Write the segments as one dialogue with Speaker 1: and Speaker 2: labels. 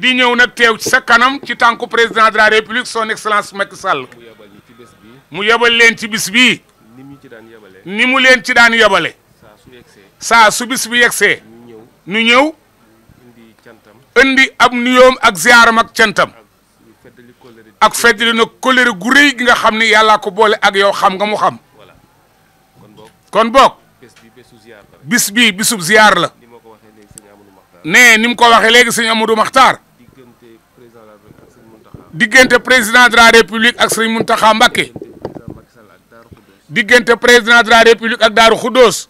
Speaker 1: di ñëw nag teew ci sa kanam ci tànku président de la république son excellence Macky Sall mu yebal leen ci bis bii ni mu leen ci daan yebale saa su bis bi yegsee nu ñëw indi ab nuyoom ak ziyaaram ak cantam ak feddali na colère gu rëy gi nga xam ni yàllaa ko boole ak yow xam nga mu xam kon boog bis bii bisub ziyaar la nee ni mu ko waxee léegi sëñ Amadou Maxtaar diggante président de la république ak sëriñ Mountakha Mbacké diggante président de la république ak Daaru Xuddoos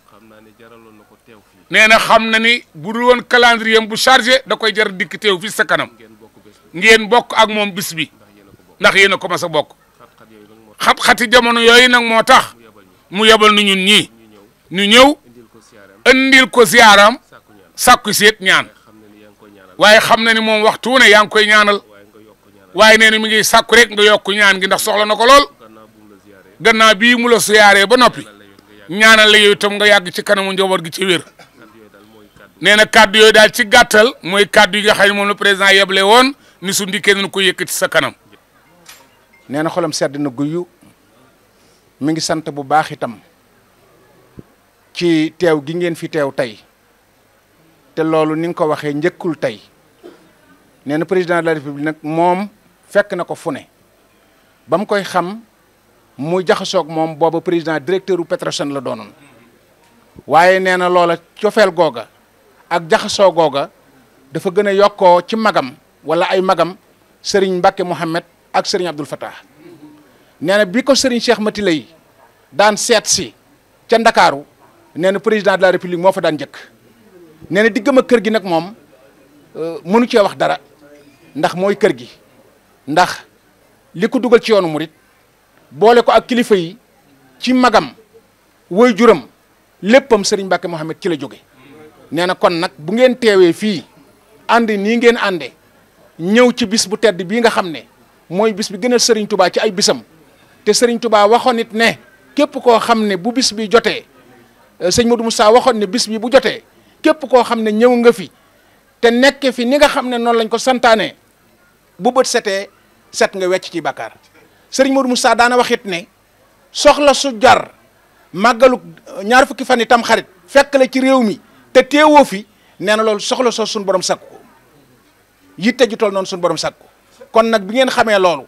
Speaker 1: nee na xam na ni bu woon calendrier bu chargé da koy jar dikk teew fii sa kanam ngeen bokk ak moom bis bi ndax yéen a ko mas a bokk xat-xati jamono yooyu nag moo tax mu yebal nu ñun ñii ñu ñëw indil ko ziyaaram sàkku set ñaan waaye xam na ni moom waxtu ne yaa ngi koy ñaanal waaye nee na mi ngi sàkku rek nga yokk ñaan gi ndax soxla na ko lool gannaaw bii mu la siyaaree ba noppi ñaanal la yow tam nga yàgg ci kanamu njaboot gi ci wér nee na kàddu yooyu daal ci gàttal mooy kàddu yi nga xam ne moom la président yeble woon ni su ndikkee na ko yëkkati sa kanam.
Speaker 2: nee na xolam sedd na guyu mi ngi sant bu baax itam ci teew gi ngeen fi teew tey te loolu ni nga ko waxee njëkkul tey nee na président de la république nag moom. fekk na ko fu ne ba mu koy xam mu jaxasoog moom booba président directeur u Petrosen la doonoon waaye nee na loola cofeel googa ak jaxasoo googa dafa gën a yokkoo ci magam wala ay magam sëriñ Mbacke Mouhamed ak sëriñ Abdul Fattah nee na bi ko sëriñ Cheikh Mati lay daan seet ca Ndakaaru nee na président de la république moo fa daan njëkk nee na diggam ak kër gi nag moom euh, mënu cee wax dara ndax mooy kër gi ndax li ko dugal ci yoonu mu murit boole ko ak kilifa yi ci magam woy juram léppam sëriñ Mbacke Mouhamed ci la jóge nee na kon nag bu ngeen teewee fii ànd nii ngeen ànde ñëw ci bis bu tedd bii nga xam ne mooy bis bi gën a sëriñ tubaa ci ay bisam te sëriñ tubaa waxoon it ne képp koo xam ne bu bis bi jotee euh, sëñ Modou saa waxoon ne bis bi bu jotee képp koo xam ne ñëw nga fi te nekk fi ni nga xam ne noonu lañ ko santaane bu bët setee set nga wecc ci bàkkaar sëriñ Modou Moussa daana waxit ne soxla su jar màggalu euh, ñaar fukki fan itam xarit fekk la ci réew mi te teewoo fi nee na loolu soxla soo suñu borom sakku ko yitte ju toll noonu suñu borom ko kon nag bi ngeen xamee loolu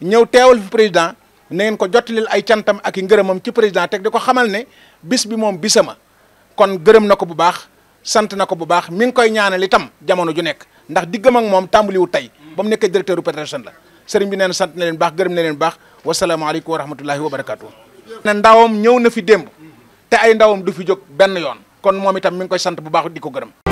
Speaker 2: ñëw teewal fi président ne ngeen ko jottalil ay cantam ak i ngërëmam ci président teg di ko xamal ne bis bi moom bisama kon gërëm na ko bu baax sant na ko bu baax mi ngi koy ñaanal itam jamono ju nekk ndax diggam ak moom tàmbaliwu tey ba mu nekkee directeur u Petersen la sëriñ bi nee na sant na leen baax gërëm na leen baax wasalaamaaleykum wa rahmatullahi wa barakaatu. ne ndawam ñëw na fi démb te ay ndawam du fi jóg benn yoon kon moom itam mi ngi koy sant bu baax di ko gërëm.